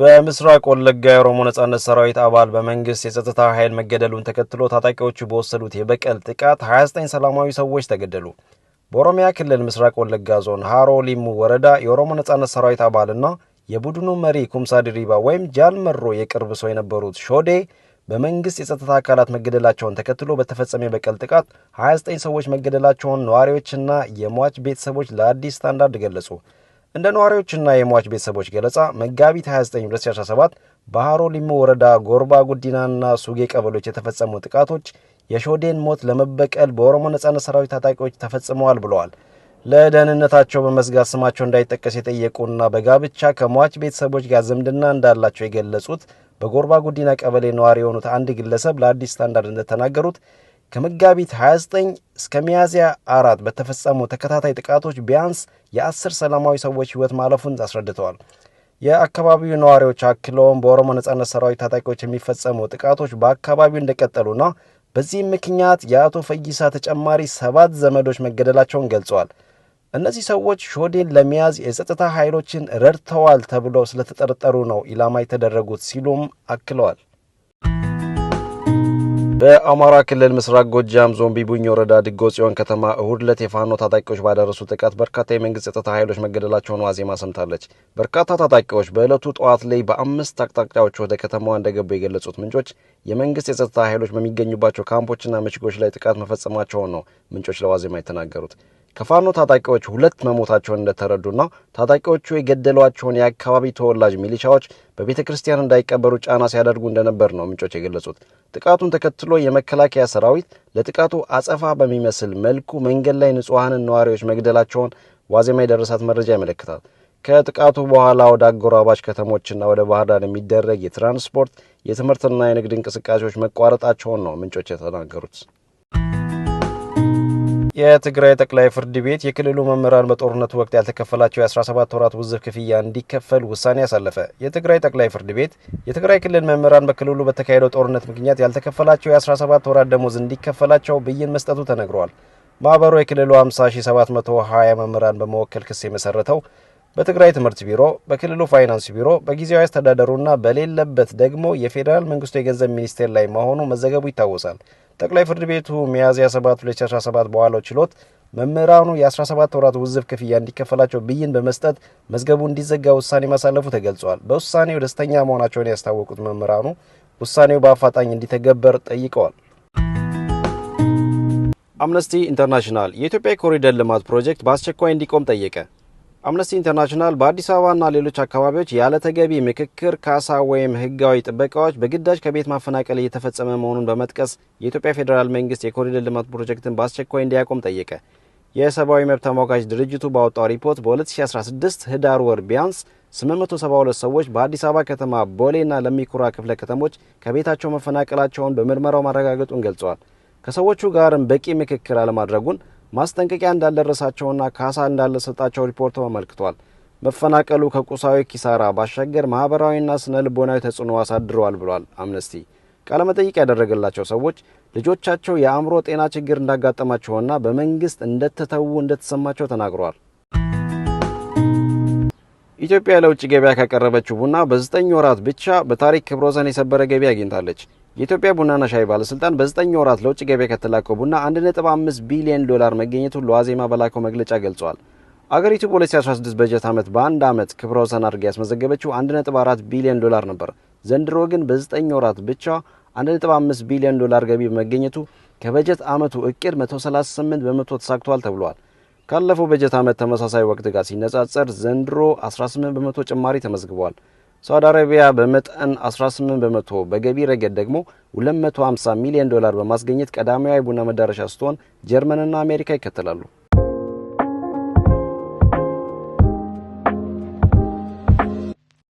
በምስራቅ ወለጋ የኦሮሞ ነጻነት ሰራዊት አባል በመንግስት የጸጥታ ኃይል መገደሉን ተከትሎ ታጣቂዎቹ በወሰዱት የበቀል ጥቃት 29 ሰላማዊ ሰዎች ተገደሉ። በኦሮሚያ ክልል ምስራቅ ወለጋ ዞን ሃሮ ሊሙ ወረዳ የኦሮሞ ነጻነት ሰራዊት አባልና የቡድኑ መሪ ኩምሳ ድሪባ ወይም ጃልመሮ የቅርብ ሰው የነበሩት ሾዴ በመንግስት የጸጥታ አካላት መገደላቸውን ተከትሎ በተፈጸመ የበቀል ጥቃት 29 ሰዎች መገደላቸውን ነዋሪዎችና የሟች ቤተሰቦች ለአዲስ ስታንዳርድ ገለጹ። እንደ ነዋሪዎችና የሟች ቤተሰቦች ገለጻ መጋቢት 29 2017 ሊሞ ሊሙ ወረዳ ጎርባ ጉዲናና ሱጌ ቀበሌዎች የተፈጸሙ ጥቃቶች የሾዴን ሞት ለመበቀል በኦሮሞ ነጻነት ሰራዊት ታጣቂዎች ተፈጽመዋል ብለዋል። ለደህንነታቸው በመስጋት ስማቸው እንዳይጠቀስ የጠየቁና በጋብቻ ከሟች ቤተሰቦች ጋር ዝምድና እንዳላቸው የገለጹት በጎርባ ጉዲና ቀበሌ ነዋሪ የሆኑት አንድ ግለሰብ ለአዲስ ስታንዳርድ እንደተናገሩት ከመጋቢት 29 እስከ ሚያዝያ 4 በተፈጸሙ ተከታታይ ጥቃቶች ቢያንስ የአስር ሰላማዊ ሰዎች ህይወት ማለፉን አስረድተዋል። የአካባቢው ነዋሪዎች አክለውም በኦሮሞ ነጻነት ሰራዊት ታጣቂዎች የሚፈጸሙ ጥቃቶች በአካባቢው እንደቀጠሉና በዚህም ምክንያት የአቶ ፈይሳ ተጨማሪ ሰባት ዘመዶች መገደላቸውን ገልጸዋል። እነዚህ ሰዎች ሾዴን ለመያዝ የጸጥታ ኃይሎችን ረድተዋል ተብለው ስለተጠረጠሩ ነው ኢላማ የተደረጉት ሲሉም አክለዋል። በአማራ ክልል ምስራቅ ጎጃም ዞን ቢቡኝ ወረዳ ድጎ ጽዮን ከተማ እሁድ ዕለት የፋኖ ታጣቂዎች ባደረሱ ጥቃት በርካታ የመንግስት ጸጥታ ኃይሎች መገደላቸውን ዋዜማ ሰምታለች። በርካታ ታጣቂዎች በዕለቱ ጠዋት ላይ በአምስት አቅጣጫዎች ወደ ከተማዋ እንደገቡ የገለጹት ምንጮች የመንግስት የጸጥታ ኃይሎች በሚገኙባቸው ካምፖችና ምሽጎች ላይ ጥቃት መፈጸማቸውን ነው ምንጮች ለዋዜማ የተናገሩት። ከፋኖ ታጣቂዎች ሁለት መሞታቸውን እንደተረዱና ታጣቂዎቹ የገደሏቸውን የአካባቢ ተወላጅ ሚሊሻዎች በቤተ ክርስቲያን እንዳይቀበሩ ጫና ሲያደርጉ እንደነበር ነው ምንጮች የገለጹት። ጥቃቱን ተከትሎ የመከላከያ ሰራዊት ለጥቃቱ አጸፋ በሚመስል መልኩ መንገድ ላይ ንጹሐንን ነዋሪዎች መግደላቸውን ዋዜማ የደረሳት መረጃ ያመለክታል። ከጥቃቱ በኋላ ወደ አጎራባች ከተሞችና ወደ ባህር ዳር የሚደረግ የትራንስፖርት የትምህርትና የንግድ እንቅስቃሴዎች መቋረጣቸውን ነው ምንጮች የተናገሩት። የትግራይ ጠቅላይ ፍርድ ቤት የክልሉ መምህራን በጦርነቱ ወቅት ያልተከፈላቸው የ17 ወራት ውዝፍ ክፍያ እንዲከፈል ውሳኔ ያሳለፈ። የትግራይ ጠቅላይ ፍርድ ቤት የትግራይ ክልል መምህራን በክልሉ በተካሄደው ጦርነት ምክንያት ያልተከፈላቸው የ17 ወራት ደሞዝ እንዲከፈላቸው ብይን መስጠቱ ተነግሯል። ማህበሩ የክልሉ 50720 መምህራን በመወከል ክስ የመሰረተው በትግራይ ትምህርት ቢሮ፣ በክልሉ ፋይናንስ ቢሮ፣ በጊዜያዊ አስተዳደሩና በሌለበት ደግሞ የፌዴራል መንግስቱ የገንዘብ ሚኒስቴር ላይ መሆኑ መዘገቡ ይታወሳል። ጠቅላይ ፍርድ ቤቱ ሚያዝያ 7 2017 በዋለው ችሎት መምህራኑ የ17 ወራት ውዝፍ ክፍያ እንዲከፈላቸው ብይን በመስጠት መዝገቡ እንዲዘጋ ውሳኔ ማሳለፉ ተገልጿል። በውሳኔው ደስተኛ መሆናቸውን ያስታወቁት መምህራኑ ውሳኔው በአፋጣኝ እንዲተገበር ጠይቀዋል። አምነስቲ ኢንተርናሽናል የኢትዮጵያ የኮሪደር ልማት ፕሮጀክት በአስቸኳይ እንዲቆም ጠየቀ። አምነስቲ ኢንተርናሽናል በአዲስ አበባና ሌሎች አካባቢዎች ያለ ተገቢ ምክክር፣ ካሳ ወይም ህጋዊ ጥበቃዎች በግዳጅ ከቤት ማፈናቀል እየተፈጸመ መሆኑን በመጥቀስ የኢትዮጵያ ፌዴራል መንግስት የኮሪደር ልማት ፕሮጀክትን በአስቸኳይ እንዲያቆም ጠየቀ። የሰብአዊ መብት ተሟጋች ድርጅቱ ባወጣው ሪፖርት በ2016 ህዳር ወር ቢያንስ 872 ሰዎች በአዲስ አበባ ከተማ ቦሌና ለሚኩራ ክፍለ ከተሞች ከቤታቸው መፈናቀላቸውን በምርመራው ማረጋገጡን ገልጸዋል። ከሰዎቹ ጋርም በቂ ምክክር አለማድረጉን ማስጠንቀቂያ እንዳልደረሳቸውና ካሳ እንዳልሰጣቸው ሪፖርቱ አመልክቷል። መፈናቀሉ ከቁሳዊ ኪሳራ ባሻገር ማህበራዊና ስነ ልቦናዊ ተጽዕኖ አሳድረዋል ብሏል አምነስቲ። ቃለመጠይቅ ያደረገላቸው ሰዎች ልጆቻቸው የአእምሮ ጤና ችግር እንዳጋጠማቸውና በመንግስት እንደተተዉ እንደተሰማቸው ተናግረዋል። ኢትዮጵያ ለውጭ ገበያ ካቀረበችው ቡና በዘጠኝ ወራት ብቻ በታሪክ ክብረ ወሰን የሰበረ ገቢ አግኝታለች። የኢትዮጵያ ቡናና ሻይ ባለስልጣን በዘጠኝ ወራት ለውጭ ገበያ ከተላከው ቡና 1.5 ቢሊዮን ዶላር መገኘቱን ለዋዜማ በላከው መግለጫ ገልጿል። አገሪቱ በ2016 በጀት ዓመት በአንድ ዓመት ክብረ ወሰን አድርጋ ያስመዘገበችው 1.4 ቢሊዮን ዶላር ነበር። ዘንድሮ ግን በ9 ወራት ብቻ 1.5 ቢሊዮን ዶላር ገቢ በመገኘቱ ከበጀት ዓመቱ እቅድ 138 በመቶ ተሳክቷል ተብሏል። ካለፈው በጀት ዓመት ተመሳሳይ ወቅት ጋር ሲነጻጸር ዘንድሮ 18 በመቶ ጭማሪ ተመዝግቧል። ሳውዲ አረቢያ በመጠን 18 በመቶ በገቢ ረገድ ደግሞ 250 ሚሊዮን ዶላር በማስገኘት ቀዳሚዋ ቡና መዳረሻ ስትሆን ጀርመንና አሜሪካ ይከተላሉ።